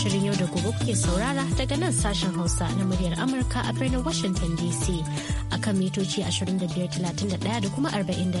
Shirin yau da gobe kuke saurara daga nan sashen Hausa na muryar Amurka a birnin Washington DC akan mitoci 2531 da kuma 41.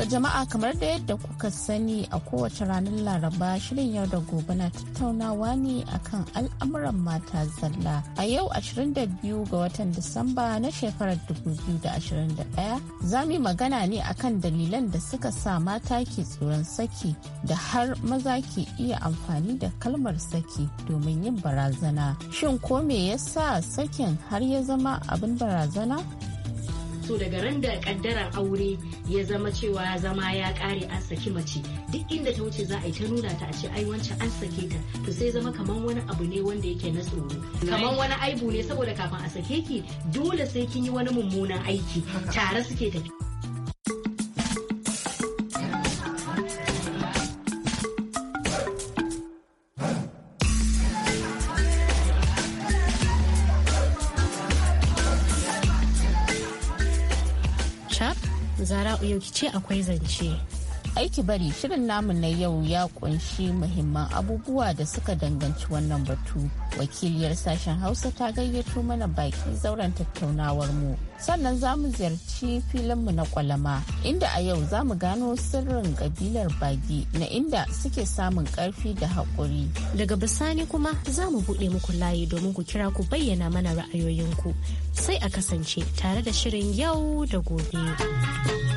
To jama'a kamar da yadda kuka sani a kowace ranar Laraba shirin yau da gobe na tattaunawa ne akan al'amuran mata zalla. A yau 22 ga watan Disamba na shekarar 2021 za mu magana ne akan dalilan da suka sa mata ke tsoron saki da har maza ke iya amfani da kalmar saki domin yin barazana. Shin ko me ya sa sakin har ya zama abin barazana? so daga ran da kaddarar aure ya zama cewa zama ya kare an saki mace duk inda ta wuce za a yi ta nuna ta a ce ai wancan an sake ta to sai zama kamar wani abu ne wanda yake na tsoro kamar wani aibu ne saboda kafin a sake ki dole sai kin yi wani mummunan aiki tare suke tafi rikice akwai zance. Aiki bari shirin namu na yau ya kunshi muhimman abubuwa da suka danganci wannan batu. Wakiliyar sashen Hausa ta gayyato mana baki zauren tattaunawar mu. Sannan za mu ziyarci mu na kwalama inda a yau za mu gano sirrin kabilar bagi na inda suke samun karfi da haƙuri. Daga bisani kuma za mu buɗe muku layi domin ku kira ku bayyana mana ra'ayoyinku. Sai a kasance tare da shirin yau da gobe.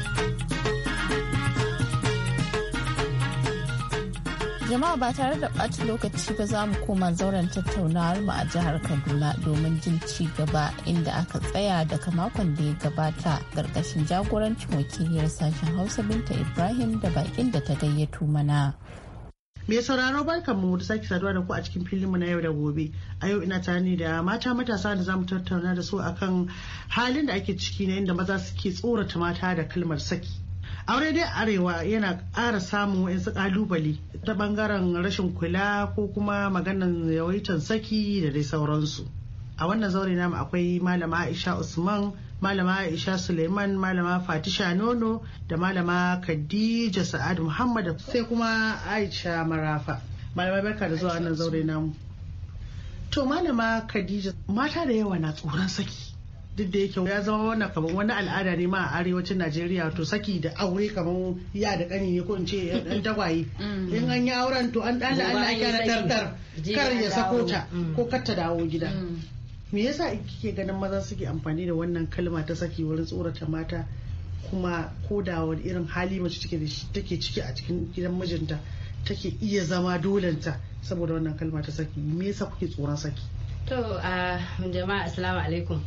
jama'a ba tare da ɓata lokaci ba za mu koma zauren tattaunawar mu a jihar kaduna domin jin ci gaba inda aka tsaya daga makon da ya gabata ƙarƙashin jagorancin wakiliyar sashen hausa binta ibrahim da bakin da ta gayyato mana Mai sauraro barkan mu da sake saduwa da ku a cikin filin mu na yau da gobe. A yau ina tare da mata matasa da zamu tattauna da su akan halin da ake ciki na inda maza suke tsorata mata da kalmar saki. aure dai arewa yana ƙara samun wa'insu ƙalubale ta bangaren rashin kula ko kuma maganan yawaitan saki da dai sauransu a wannan zaure namu akwai malama aisha usman malama aisha suleiman malama fatisha nono da malama khadija sa'ad muhammad sai kuma aisha marafa malama barka da zuwa wannan zaure namu to malama khadija mata da yawa na tsoron saki duk da yake ya zama wannan kamar wani al'ada ne ma a arewacin najeriya to saki da aure kamar ya da kani ne ko in ce dan tagwaye mm. in an yi auren to an dan Allah ake na tartar kar ya sako ta mm. ko kar ta dawo gida mm. me yasa kike ganin maza suke amfani da wannan kalma ta saki wurin tsorata mata kuma ko da wani irin hali mace take da shi take ciki a cikin gidan mijinta take iya zama dolenta saboda wannan kalma ta saki me yasa kuke tsoron saki to ah, jama'a assalamu alaikum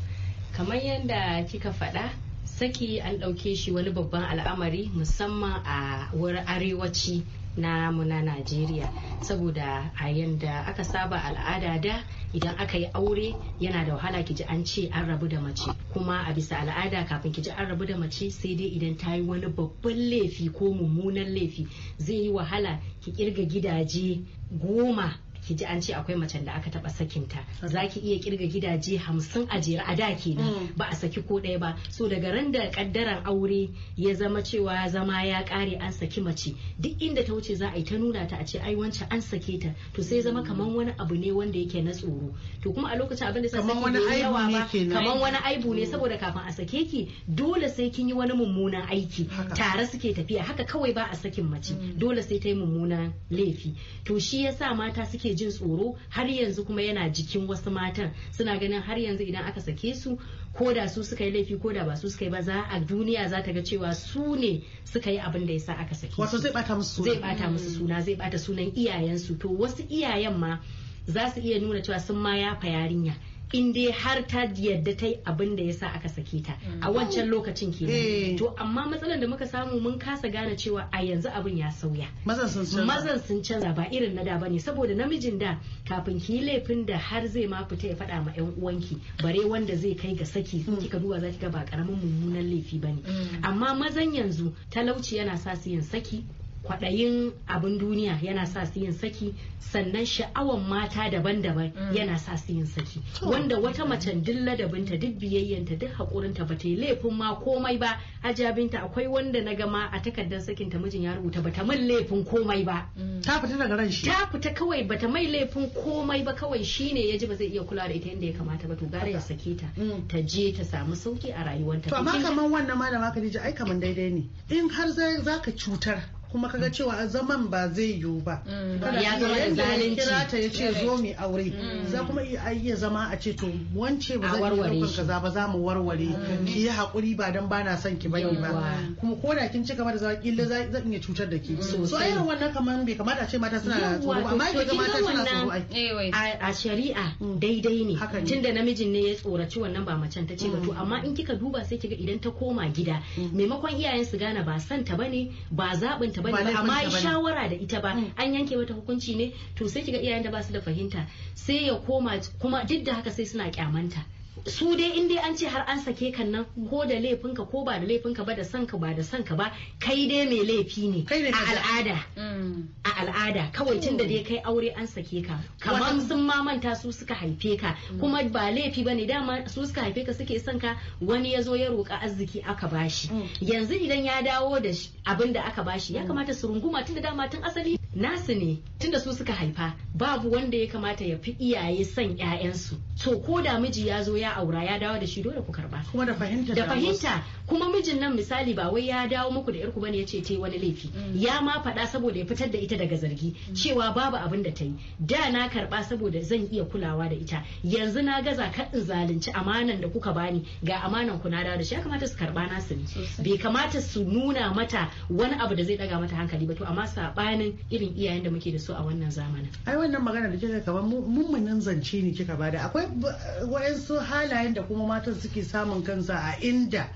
kamar yadda kika faɗa saki an ɗauke shi wani babban al'amari musamman a wurin arewaci na mu na najeriya saboda a yadda aka saba al'ada da idan aka yi aure yana da wahala ki ji an ce an rabu da mace kuma a bisa al'ada kafin ki ji an rabu da mace sai dai idan ta yi wani babban laifi ko mummunan laifi zai yi wahala ki kirga gidaje goma ki ji an ce akwai macen da aka taba sakinta za ki iya kirga gidaje hamsin a jere a da kenan mm. ba a saki ko ɗaya ba so daga ran da kaddaran aure ya zama cewa zama ya kare an saki mace duk inda ta wuce za a yi ta nuna ta a ce ai wance an sake ta to sai zama kaman wani abu ne wanda yake na tsoro to kuma a lokacin abin da sa kamar wani aibu ne Kamar wani aibu ne saboda kafin a sake ki dole sai kin yi wani mummunan aiki tare suke tafiya haka kawai ba a sakin mace mm. dole sai ta yi mummunan laifi to shi yasa mata suke jin tsoro har yanzu kuma yana jikin wasu matan suna ganin har yanzu idan aka sake su ko da su suka yi laifi ko da ba su suka yi ba za a duniya za ta ga cewa su ne suka yi abin da ya sa aka sake wato zai bata musu suna zai bata musu suna zai bata sunan iyayensu to wasu iyayen ma za su iya nuna cewa sun ma yafa yarinya in dai har ta yadda ta yi abin da ya sa aka sake ta mm. a wancan lokacin ke eh. to amma matsalar da muka samu mun kasa gane cewa a yanzu abin ya sauya mazan sun canza ba irin na da ba ne saboda namijin da kafin ki laifin da har zai ma fita ya faɗa ma yan uwanki bare wanda zai kai ga saki mm. kika duba za ki ga ba karamin mummunan laifi ba ne. Mm. amma mazan yanzu talauci yana sa su yin saki kwaɗayin abin duniya yana sa su yin saki sannan sha'awan mata daban-daban mm. yana sa su yin saki wanda wata macen duk ladabinta duk biyayyanta duk haƙurinta ba ta yi laifin ma komai ba Ajabinta akwai wanda na gama a takardar sakin ta mijin ya rubuta ba ta min laifin komai ba mm. ta fita daga ran shi ta fita kawai ba ta mai laifin komai ba kawai shine ya ji ba zai iya kula da ita yadda ya kamata ba to gara ya sake ta mm. ta je ta samu sauki a rayuwarta to amma kaman wannan malama ka ji ai kaman daidai ne in har za ka cutar kuma kaga cewa zaman ba zai yiwu ba mm. ya zama zalunci kira ta ce zo mu aure mm. za kuma iya zama a ce to wance ba zan yi daukan kaza ba za mu warware mm. ki yi hakuri ba dan bana son ki bane ba kuma ko da kin ci gaba da zaki killa zan iya cutar da ke. so irin wannan kamar bai kamata a ce mata suna tsoro ba amma ki ga mata suna tsoro kawai eh, a shari'a mm. daidai ne tunda namijin ne ya tsoraci wannan ba macen ta ce to mm. amma in kika duba sai kiga idan ta koma gida mm. maimakon iyayen su gana ba san ta bane ba zabin ta bane amma shawara da ita ba an yanke mata hukunci ne to sai kiga iyayen da ba su da fahimta sai ya koma kuma duk da haka sai suna kyamanta su dai in dai an ce har an sake kan nan ko da laifinka ko ba da laifinka ba da sanka ba da sanka ba kai dai mai laifi ne a al'ada mm. a al'ada kawai tun da dai mm. kai aure an sake ka kamar sun mamanta su suka haife ka mm. kuma ba laifi bane dama su suka haife ka suke son ka wani ya zo ya roƙa arziki aka bashi yanzu idan ya dawo da abin da aka bashi ya kamata su runguma tun dama tun asali nasu ne tunda su suka haifa babu wanda ya kamata ya fi iyaye son 'ya'yansu to ko da miji ya zo ya ya aura ya dawo da shi dole ku karba kuma da fahimta da fahimta kuma mijin nan misali ba wai ya dawo muku da yarku bane yace tai wani laifi mm. ya ma faɗa saboda ya fitar da ita daga zargi mm. cewa babu abin da ta da na karba saboda zan iya kulawa da ita yanzu na gaza ka in zalunci amanan da kuka bani ga amanan ku na dawo da shi ya kamata su karba nasu ne bai kamata su nuna mata wani abu da zai daga mata hankali ba to amma sabanin irin iyayen da muke da su a wannan zamanin ai wannan magana da kika kaman mummunan zance ne kika bada akwai eh, wayansu har halayen da kuma matan suke samun kansa a inda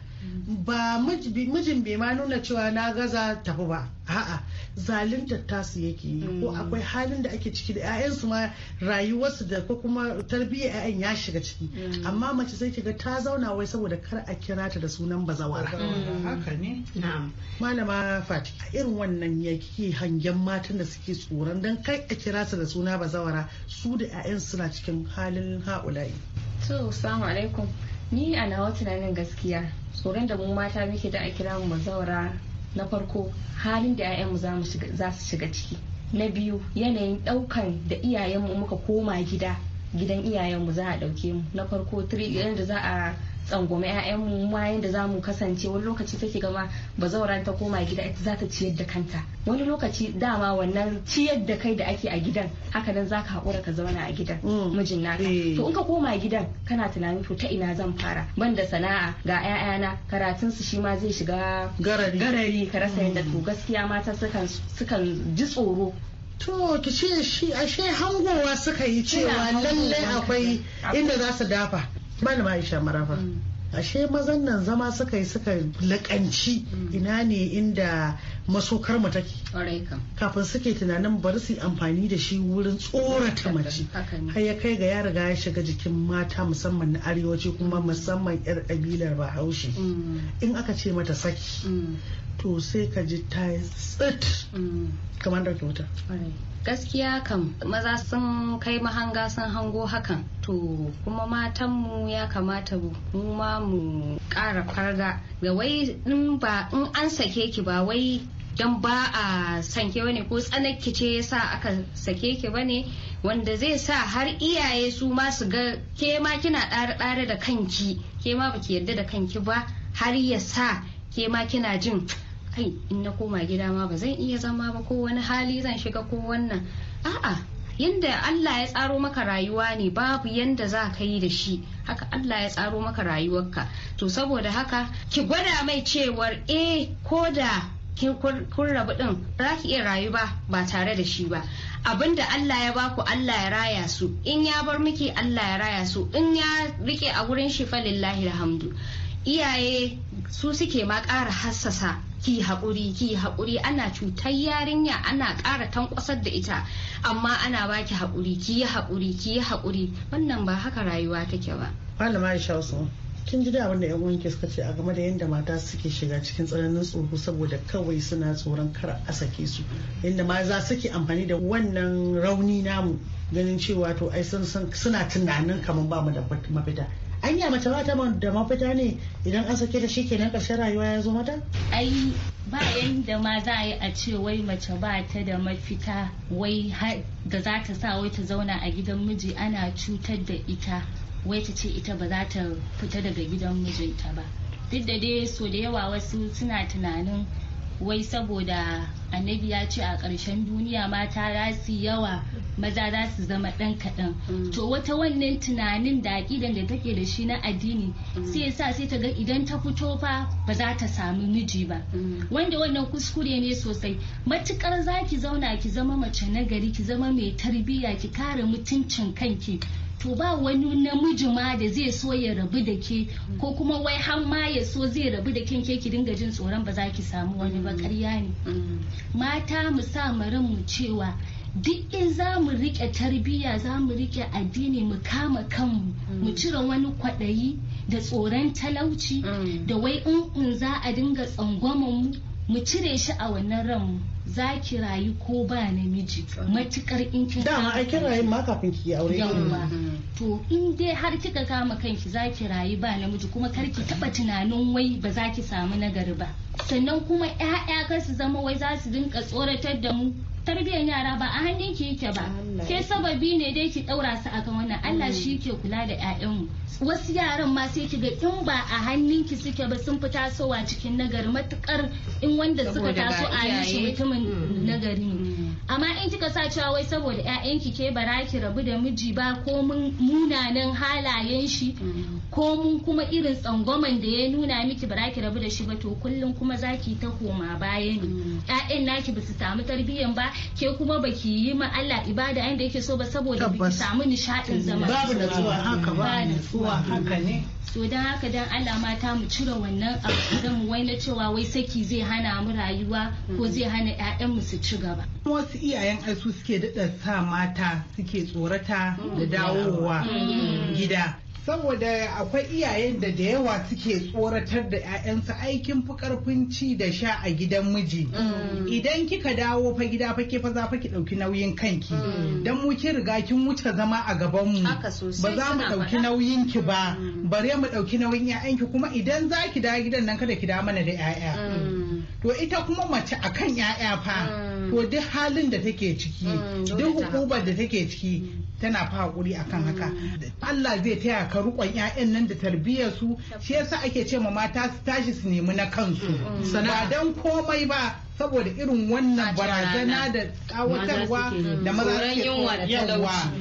ba mijin bai ma nuna cewa na gaza tafi ba a'a zalinta tasu yake yi ko mm. akwai halin da ake ciki da 'ya'yansu ma rayuwarsu da ko kuma tarbiyyar 'ya'yan ya shiga ciki mm. amma mace sai kiga ta zauna wai saboda kar a kira ta da sunan bazawara mm. haka ne malama fati a irin wannan yake hangen matan da suke tsoron dan kai a kira su da suna bazawara su da 'ya'yan suna cikin halin ha'ula'i to assalamu alaikum ni a nawa tunanin gaskiya tsoron da mu mata muke da a kira mu zaura na farko halin da 'ya'yanmu za su shiga ciki na biyu yanayin ɗaukan da iyayenmu muka koma gida gidan iyayenmu za a ɗauke mu na farko yadda za a tsangwame 'ya'yanmu mu yadda za mu kasance wani lokaci take gama gama bazauran ta koma gida ita za ta ciyar da kanta wani lokaci dama wannan ciyar da kai da ake a gidan haka nan zaka haƙura ka zauna a gidan mm. mijin naka eh. to in ka koma gidan kana tunanin to ta ina zan fara ban da sana'a ga ƴaƴana karatun su shi ma zai shiga garari ka rasa mm. yadda to gaskiya mata sukan sukan ji tsoro To ki ce shi ashe hangowa suka yi cewa lallai akwai inda za su dafa. malama aisha marafa mm. ashe mazan nan zama suka yi suka lakanci mm. ina ne inda masokar mu take kafin suke tunanin bari su amfani da shi wurin tsorata mace har ya kai ga ya riga ya shiga jikin mata musamman na arewaci kuma musamman yar kabilar bahaushe mm. in aka ce mata saki to sai ka ji ta tsit mm. kamar da wuta gaskiya kam maza sun kai mahanga sun hango hakan to kuma matanmu ya kamata mu ma mu ƙara farga ga wai in ba in an sake ki ba wai don ba a sanke wani ko tsanakki ce sa aka sake ki bane wanda zai sa har iyaye su ma su ga ke ma kina ɗare-ɗare da kanki ke ma baki yarda da kanki ba har ya sa ke ma kina jin kai in na koma gida ma ba zan iya zama ba ko wani hali zan shiga ko wannan a'a yanda Allah ya tsaro maka rayuwa ne babu yanda za ka yi da shi haka Allah ya tsaro maka rayuwarka to saboda haka ki gwada mai cewar eh ko da kin kun rabu din za ki iya rayu ba ba tare da shi ba abinda Allah ya baku Allah ya raya su in ya bar miki Allah ya raya su in ya rike a gurin shi falillahi alhamdu iyaye su suke ma ƙara hassasa ki haƙuri ki haƙuri ana cutar yarinya ana ƙara tankwasar da ita amma ana baki haƙuri ki yi haƙuri ki yi haƙuri wannan ba haka rayuwa take ba malama aisha usman kin ji da abin da yan uwanki suka ce a game da yadda mata suke shiga cikin tsananin tsoro saboda kawai suna tsoron kar a sake su yadda ma za suke amfani da wannan rauni namu ganin cewa to ai suna tunanin kamar ba mu da mafita anya mace ba ta da mafita ne idan an sake ta shikenan karshen rayuwa ya zo mata ai ba yadda ma za a yi a ce wai mace ba ta da mafita wai da za ta sa wai ta zauna a gidan miji ana cutar da ita wai ta ce ita ba za ta fita daga gidan mijinta ba duk da dai so da yawa wasu suna tunanin wai saboda annabi ya ce a ƙarshen duniya mata za su yawa maza za su zama ɗan kaɗan mm. to wata wannan tunanin da aƙidan da take da shi na addini mm. sai sa sai ta ga idan ta fito fa ba za ta samu miji ba mm. wanda wannan kuskure ne sosai matukar za ki zauna ki zama mace nagari ki zama mai tarbiyya ki kare mutuncin kanki to ba wani namiji ma da zai so ya rabu da ke ko kuma wai har ma ya so zai rabu da kin ke ki dinga jin tsoron ba za ki samu wani ba ƙarya ne mata mu sa mu cewa duk in za mu rike tarbiyya za mu rike addini mu kama kanmu mu mm. cire wani kwaɗayi da tsoron talauci mm. da wai in za a dinga tsangwamanmu mu mu cire shi a wannan ranmu za ki rayu ko ba namiji matukar in kin da ai kin rayu ma kafin ki aure yawa mm-hmm. to in dai har kika kama kanki za ki rayu ba namiji kuma kar ki taba tunanin wai ba za ki samu nagari ba sannan kuma ƴaƴa kar su zama wai za su dinka tsoratar da mu tarbiyyar yara ba a hannun ki yake ba ke sababi ne dai ki daura su akan wannan Allah mm. shi ke kula da ƴaƴanmu wasu yaran ma sai ki ga in ba a hannunki suke ba sun fi tasowa cikin nagari matukar in wanda suka taso a yi shi mutumin bane mm. nagari ne mm. amma in kika sa cewa wai saboda ki ke bara ki rabu da miji ba ko mun munanan halayen shi mm. ko mun kuma irin tsangwaman da ya nuna miki bara ki rabu da shi ba to kullum kuma zaki ta koma baya ne ƴaƴan naki ba su samu tarbiyyan ba ke kuma baki yi ma Allah ibada inda yake so ba saboda baki samu nishaɗin zama babu natsuwa haka ba zuwa haka ne so don haka don allah mata mu cire wannan abu mu wai na cewa wai saki zai hana mu rayuwa ko zai hana ƴaƴan mu su ci gaba wasu iyayen asu suke daɗa sa mata suke tsorata da dawowa mm. gida saboda akwai iyayen da da yawa suke tsoratar da 'ya'yansu aikin fi karfin ci da sha a gidan miji mm. idan kika dawo fa gida fa ke fa za fa ki dauki nauyin kanki mm. dan mu kin riga kin wuce zama a gaban mu ba za mu dauki nauyin ki ba mm. bare mu dauki nauyin 'ya'yanki kuma idan za ki dawo gidan nan kada ki dawo mana da 'ya'ya to ita kuma mace akan 'ya'ya fa to duk halin da take ciki duk hukubar da take ciki tana fa hakuri akan haka Allah zai taya ka rukon ƴaƴan nan da tarbiyyar su shi yasa ake ce ma mata su tashi su nemi na kansu mm, mm. ba dan komai ba saboda irin wannan barazana da tsawatarwa da maza suke yawa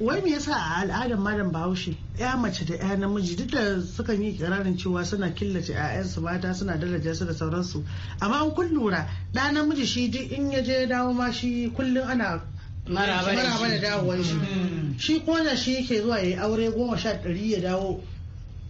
wai me yasa a al'adar malam bahaushe ya mace da ya namiji duk da sukan yi kirarin cewa suna killace 'ya'yansu mata suna daraja su da sauransu amma kun lura da namiji shi duk in ya je dawo ma shi kullum ana maraba da dawowar shi hmm. shi kona shi yake zuwa ya yi aure goma sha ɗari ya dawo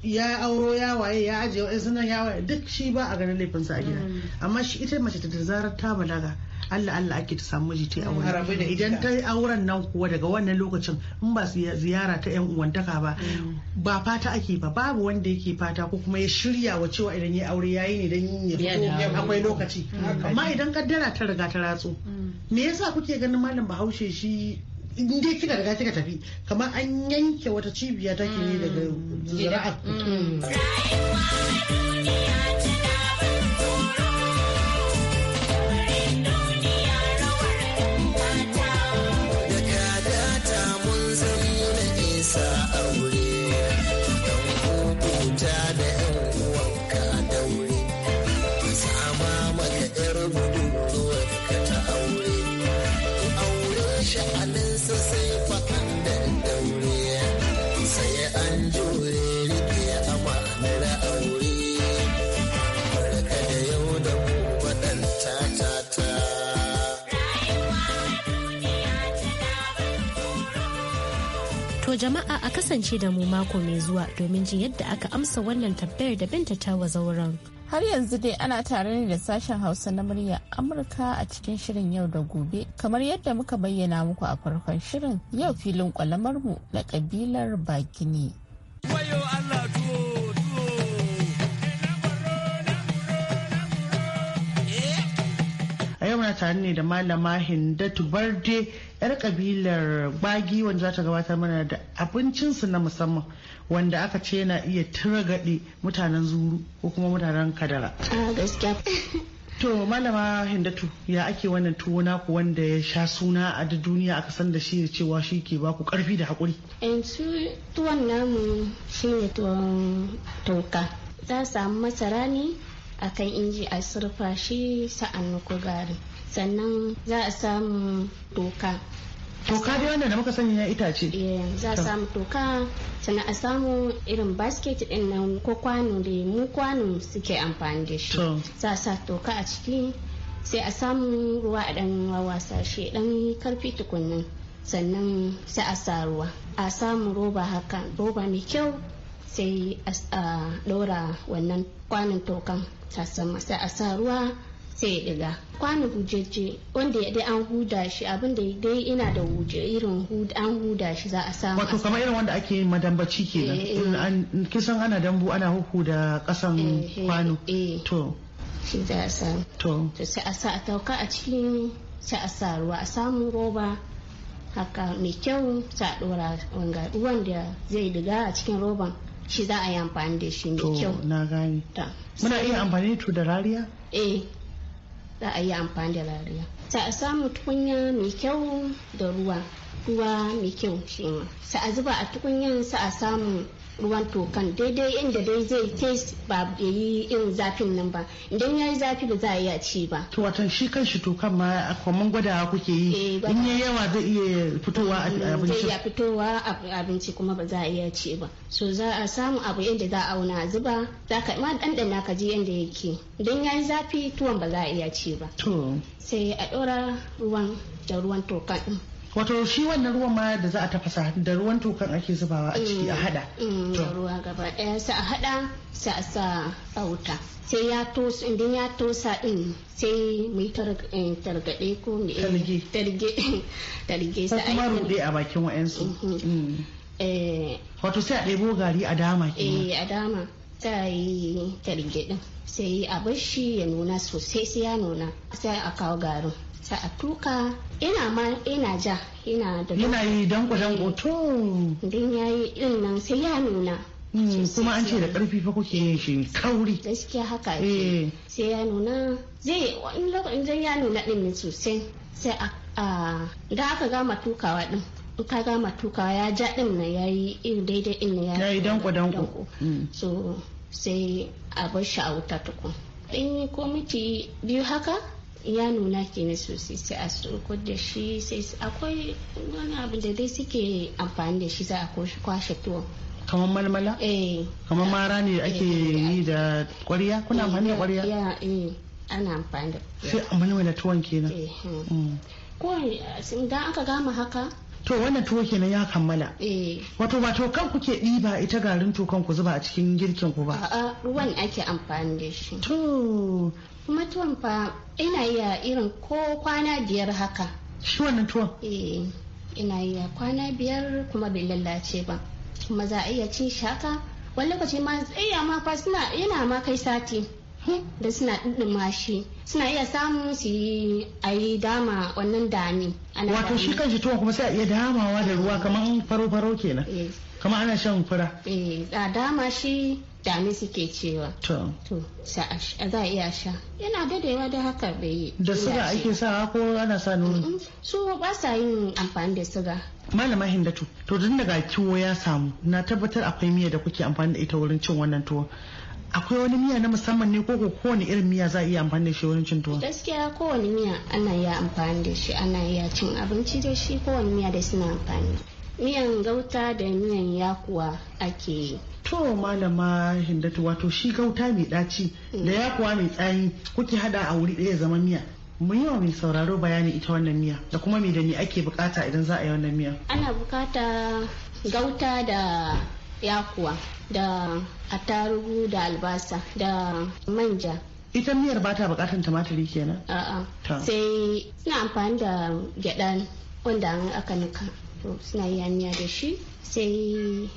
ya auro ya waye ya ajiye wa'in sunan ya waye duk shi ba a ganin laifinsa a gida hmm. amma shi ita mace ta zarar ta balaga Allah Allah ake ta samu miji ta yi aure idan ta yi auren nan kuwa daga wannan lokacin in ba ziyara ta yan uwantaka ba mm. ba fata ake ba babu wanda yake fata ko kuma ya shirya wa cewa idan ya aure yayi ne don yin ya akwai lokaci mm. amma idan kaddara ta riga ta ratso mm. me yasa kuke ganin malam Bahaushe shi in kika riga kika tafi kamar an yanke wata cibiya take ne daga zira'a jama'a a kasance da mu mako mai zuwa domin jin yadda aka amsa wannan tambayar da binta ta wa zauren. Har yanzu dai ana tare ne da sashen Hausa na murya Amurka a cikin shirin yau da gobe. Kamar yadda muka bayyana muku a farkon shirin yau filin kwalamar mu na kabilar Bagini. tare ne da malama hindatu barde yar kabilar gbagi wanda za ta gabatar mana da abincinsu na musamman wanda aka ce yana iya tiragaɗe mutanen zuru ko kuma mutanen kadara ah, to malama hindatu ya ake wannan tuwo naku wanda ya sha suna a duk duniya aka san da shi da cewa shi ke baku karfi da haƙuri eh, tuwon namu shi ne tuwon toka za samu masara ne akan inji a surfa shi sa'an na gari sannan za a samu toka toka dai wanda da muka sani ita ce. Eh, za a samu toka sannan a samu irin basket din nan ko kwano da mu kwano suke amfani da shi za a sa toka a ciki sai a samu ruwa a dan wawasa shi dan karfi tukunnin sannan sai a sa ruwa a samu roba haka roba mai kyau sai a ɗora wannan kwanan tokan ta sama sai a sa ruwa sai ya ɗiga kwano hujjaje wanda ya dai an huda shi abin da dai ina da huje irin an huda shi za a samu wato kamar irin wanda ake yin madambaci kenan eh, eh. kisan ana dambu ana huhu da kasan eh, kwano to shi za a samu to sai a sa a tauka a cikin sai a sa ruwa a samu roba haka mai kyau sa a dora wanga ruwan da zai diga a cikin roban shi za a yi amfani da shi mai kyau na gani muna iya amfani da rariya eh za a yi amfani da rariya Sa a samu tukunya mai kyau da ruwa ruwa mai kyau shi ma Sa a zuba a tukunyan sa a samu ruwan tokan daidai inda dai zai taste ba ya yi irin zafin nan ba idan ya yi zafi ba za a iya ci ba to watan shi kan shi tokan ma kwamman gwadawa kuke yi eh, in ya yawa zai iya fitowa a abinci zai iya fitowa a abinci kuma ba za a iya ci ba so za a samu abu yadda za a auna zuba za ka ma ɗanɗana ka ji yadda yake idan ya yi zafi tuwon ba za a iya ci ba To. sai a ɗora ruwan da ruwan tokan wato shi wannan ruwan ma da za a tafasa da ruwan tokan ake zubawa a ciki a mm, hada mm, ruwa gaba daya sai a hada sai a sa a wuta sai ya tosa idan ya tosa din sai mai eh, eh, yi targade ko ne talge talge sai kuma rude a bakin wayansu mm-hmm. mm. eh. wato sai a ɗebo gari a dama kenan a dama ta yi targe din sai a bar shi ya nuna sosai sai ya nuna sai a kawo garin sai a tuka ina ma ina ja ina da yana yi danko danko to idan yayi din nan sai ya nuna hmm, kuma an ce da karfi fa kuke yin shi kauri gaskiya haka ce. Eh. sai ya nuna zai in lokacin ya nuna din ne sosai sai a da aka gama tukawa din ka gama tukawa ya ja din na ya yi irin daidai din na ya yi danko danko hmm. so sai a bar shi a wuta tukun in ko miti biyu haka ya nuna kenan sosai sai a surko da shi sai akwai wani abu da dai suke amfani da shi za a kwashe tuwon kamar malmala? eh kamar mara ne eh, ake eh, yi da kwarya kuna eh, amfani da kwarya? ya eh ana amfani da sai a malmala tuwon kenan hmm. mm. ko da aka gama haka to wannan tuwo kenan ya kammala wato ba to kan kuke ɗiba ita garin tokan ku zuba a cikin girkin ku ba a'a ruwan ake amfani da shi to kuma tuwon fa ina iya irin ko kwana biyar haka shi wannan tuwon eh ina iya kwana biyar kuma bai lallace ba kuma za a iya cin shaka haka wani lokaci ma iya eh, ma fa suna yana ma kai sati hmm, da suna ɗinɗima shi suna iya samun su yi a yi dama wannan dani wato shi kan shi tuwon kuma sai a iya damawa da ruwa kamar faro-faro kenan eh. kama ana shan fura eh da dama shi dami suke cewa to to za a iya sha yana dadewa da haka bai da suga ake sa ko ana sa nono su ba sa yin amfani da suga malama hindatu to tun daga kiwo ya samu na tabbatar akwai miya da kuke amfani da ita wurin cin wannan tuwo akwai wani miya na musamman ne ko kowane irin miya za a iya amfani da shi wurin cin tuwo gaskiya kowane miya ana iya amfani da shi ana iya cin abinci da shi kowane miya da suna amfani miyan gauta da miyan yakuwa ake yi to malama hindatu wato shi gauta mai ɗaci da mm. yakuwa mai tsayi kuke hada a wuri ɗaya zama miya mun yi wa mai sauraro bayani ita wannan miya da kuma me da me ake bukata idan za a yi wannan miya ana bukata gauta da yakuwa da attarugu da albasa da manja ita miyar ba ta bukatan tumatiri kenan a'a sai ina amfani da gyaɗa wanda aka nika suna yi da shi sai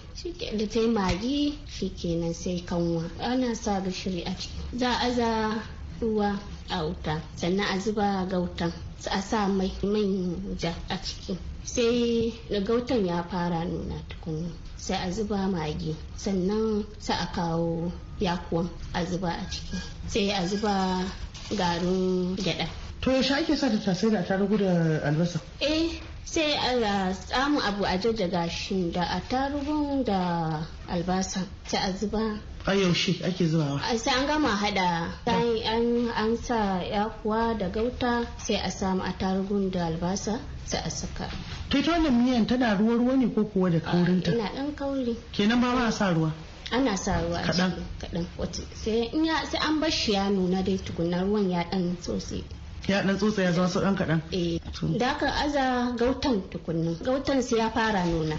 da ta magi shi kenan sai kanwa ana sa gishiri a ciki za a za ruwa a wuta sannan a zuba gautan a sa mai man ja a ciki sai da gautan ya fara nuna tukunu sai a zuba magi sannan sa a kawo yakuwan a zuba a ciki sai a zuba garin gyada to yaushe ake sa tattasai da atarugu da albasa eh sai a samu abu a jajjaga shi da attarugun da albasa ta a zuba a yaushe ake zubawa sai an gama hada bayan an sa yakuwa da gauta sai a samu attarugun da albasa sai a saka to ita wannan miyan tana ruwa ruwa ne ko kuwa da kaurinta ina dan kauri kenan ba ba sa ruwa ana sa ruwa kaɗan kaɗan sai an bar shi ya nuna dai tukunna ruwan ya dan sosai ya dan tsotsa ya zama sauran kaɗan. Eh, da aka aza gautan tukunni gautan sai ya fara nuna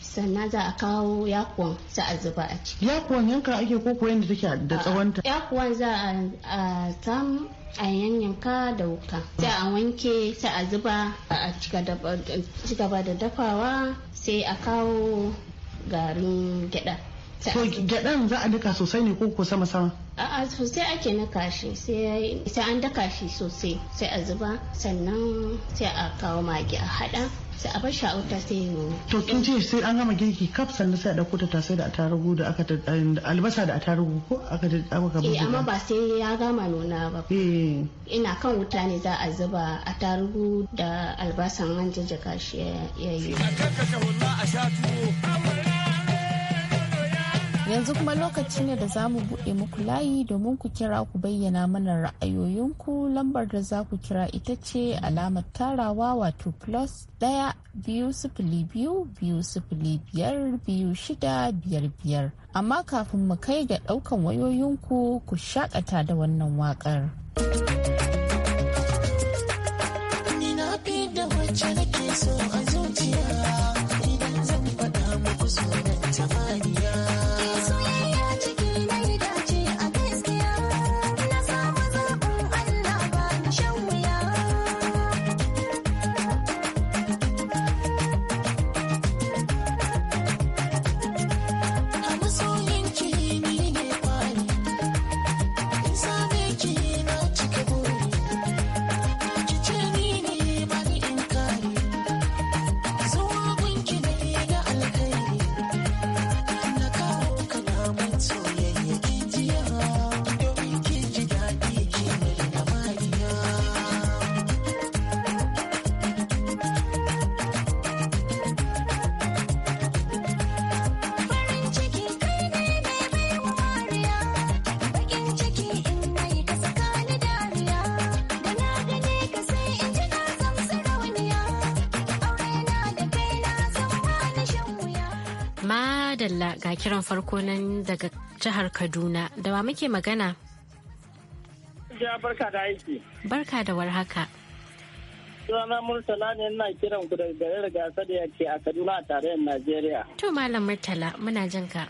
sannan za a kawo yakuwan za a zuba a ciki yakuwan yanka ake ko kuwa yadda take da tsawonta yakuwan za a samu a yanyanka da wuka sai a wanke sai a zuba a cigaba da dafawa sai a kawo garin gyada ko gyaɗan za a daka sosai ne ko ko sama sama a'a sosai ake na kashi sai an daka shi sosai sai a zuba sannan sai a kawo magi a haɗa sai a bar shi a wuta sai yi To kin ce sai an gama girki kaf sannan sai a dauko ta sai da atarugu da aka eh, albasa da atarugu ko aka aka Eh amma ba sai ya gama nuna ba. Eh ina kan wuta ne za a zuba atarugu da albasan an jajjaka shi ya yi. Yanzu kuma lokaci ne da za mu buɗe muku layi domin ku kira ku bayyana mana ra'ayoyinku lambar da za ku kira ita ce alamar tarawa wato plus ɗaya biyu sifili biyu biyu sifili biyar biyu shida biyar biyar. Amma kafin mu kai ga ɗaukan wayoyinku ku shakata da wannan waƙar. madalla ga kiran farko nan daga jihar Kaduna da wa muke magana? ya barka da aiki. Barka da warhaka. Sunana Murtala ne na kiran ku daga garin gasa da yake a Kaduna a tarayyar Najeriya. To Malam Murtala muna jin ka.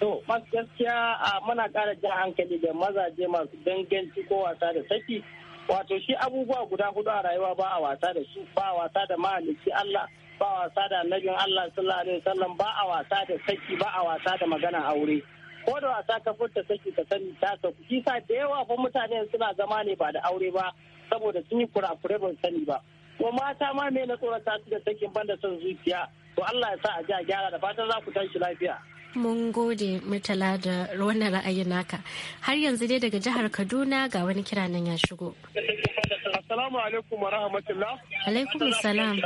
To masu gaskiya a muna ƙara jan hankali da mazaje masu danganci ko wasa da saki. Wato shi abubuwa guda hudu a rayuwa ba a wasa da su ba a wasa da mahalicci Allah ba wasa da annabin Allah sallallahu alaihi wasallam ba a wasa da saki ba a wasa da magana aure ko da wasa ka furta saki ka sani ta sauku shi sa da yawa fa mutane suna zama ne ba da aure ba saboda sun yi kurakure ban sani ba ko mata ma me na tsorata su da sakin banda son zuciya to Allah ya sa a ji a gyara da fatan za ku tashi lafiya mun gode murtala da wannan ra'ayin naka har yanzu dai daga jihar kaduna ga wani kira ya shigo assalamu alaikum wa rahmatullah alaikum salam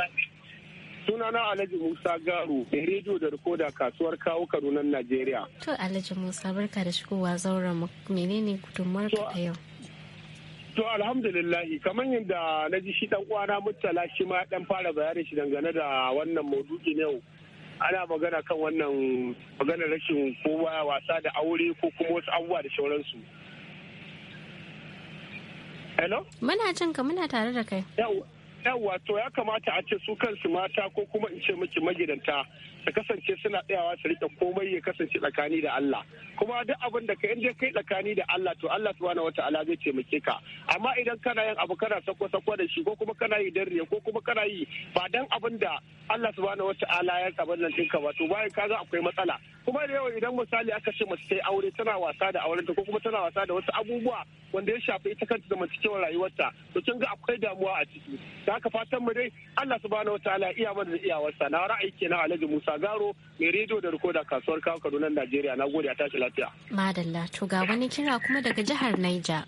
Sunana Alhaji Musa Garu, da rediyo da rikoda kasuwar kawo Kaduna Najeriya. To Alhaji Musa barka da shigowa zauren menene gudunmuwar ka yau? To alhamdulillahi kamar yadda na ji shi dan kwana Murtala shi ma dan fara bayani shi dangane da wannan maudu'i ne ana magana kan wannan magana rashin kowa wasa da aure ko kuma wasu abubuwa da sauransu. Hello? Muna jin ka muna tare da kai. Yawa. yawa to ya kamata a ce su kansu mata ko kuma in ce miki magidanta su kasance suna tsayawa su rike komai ya kasance tsakani da Allah kuma duk abin da kai inda kai tsakani da Allah to Allah subhanahu wataala zai taimake ka amma idan kana yin abu kana sako sako da shi ko kuma kana yi dan ko kuma kana yi ba dan abin da Allah subhanahu wataala ya saba nan dinka ba to bayan ga akwai matsala kuma da yawa idan misali aka ce mace tayi aure tana wasa da auren ta ko kuma tana wasa da wasu abubuwa wanda ya shafi ita kanta da mace rayuwarta to kin ga akwai damuwa a ciki da haka fatan mu dai Allah subhanahu wataala iya mana da iyawarsa na ra'ayi kenan Alhaji Musa Garo mai rediyo da rikoda kasuwar Kano Kaduna Najeriya na gode a tashi lafiya madalla to ga wani kira kuma daga jihar Niger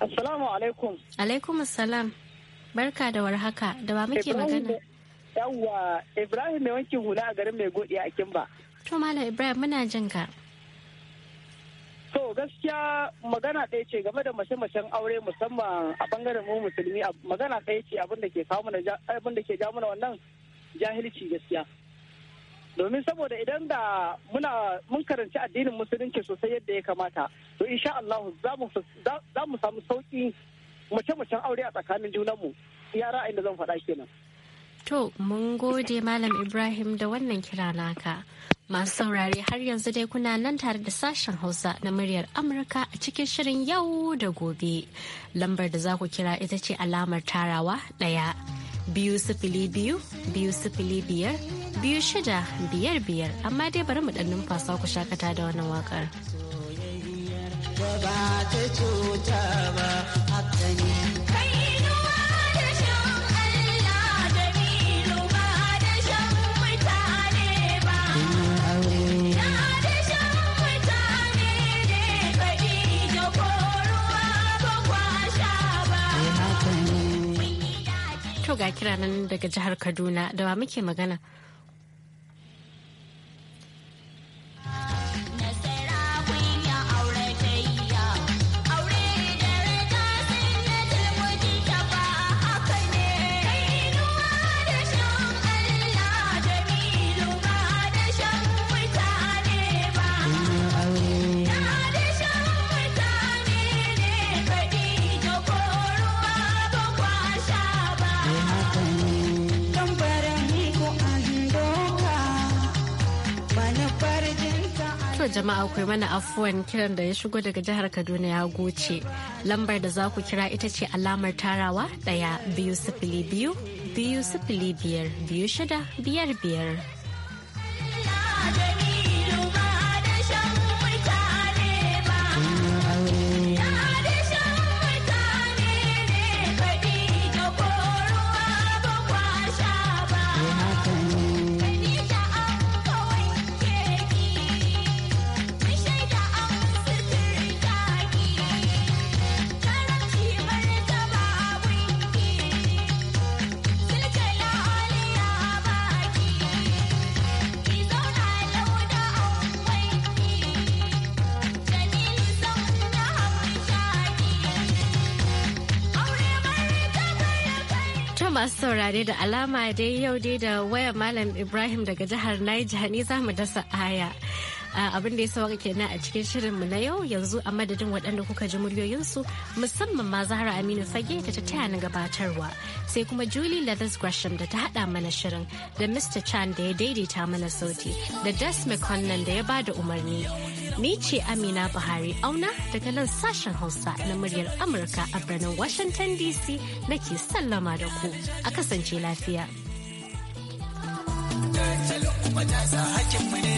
Assalamu alaikum alaikum assalam barka da warhaka da ba muke magana yawwa Ibrahim mai wankin hula a garin mai godiya a Kimba to malam Ibrahim muna jin ka so gaskiya magana ɗaya ce game da mace-macen aure musamman a bangaren mu musulmi magana ɗaya ce abin da ke kawo mana ja wannan jahilci gaskiya. Domin saboda idan da muna mun karanci addinin musulunci sosai yadda ya kamata to insha Allah za mu samu sauki mace-macen aure a tsakanin junanmu ra'ayin da zan faɗa kenan. To mun gode Malam Ibrahim da wannan kira naka. Masu saurare har yanzu dai kuna nan tare da sashen Hausa na muryar Amurka a cikin shirin yau da gobe. Lambar da za ku kira ita ce alamar tarawa ɗaya. Biyu sifili biyu, biyu sifili biyar, biyu shida biyar biyar. Amma dai bari mu ɗan numfasa ku shakata da wannan waƙar. Ba ta cuta ba, ga kira daga jihar Kaduna da wa muke magana. jama'a kai mana afuwan kiran da ya shigo daga jihar Kaduna ya goce. Lambar da za ku kira ita ce alamar tarawa ɗaya biyu sifili biyu biyu sifili biyar biyu shida biyar biyar. saurare da alama dai yau dai da waya Malam Ibrahim daga jihar naija ne za mu dasa aya. abin da ya sauka kenan a cikin shirin mu na yau yanzu a madadin waɗanda kuka ji muryoyinsu musamman ma Zahra Aminu Fage da ta taya na gabatarwa sai kuma Julie Leathers Gresham da ta haɗa mana shirin da Mr. Chan da ya daidaita mana sauti da Des mcconnan da ya bada umarni. Ni ce Amina Buhari auna daga nan sashen Hausa na muryar Amurka a birnin Washington DC nake sallama da ku a kasance lafiya. ne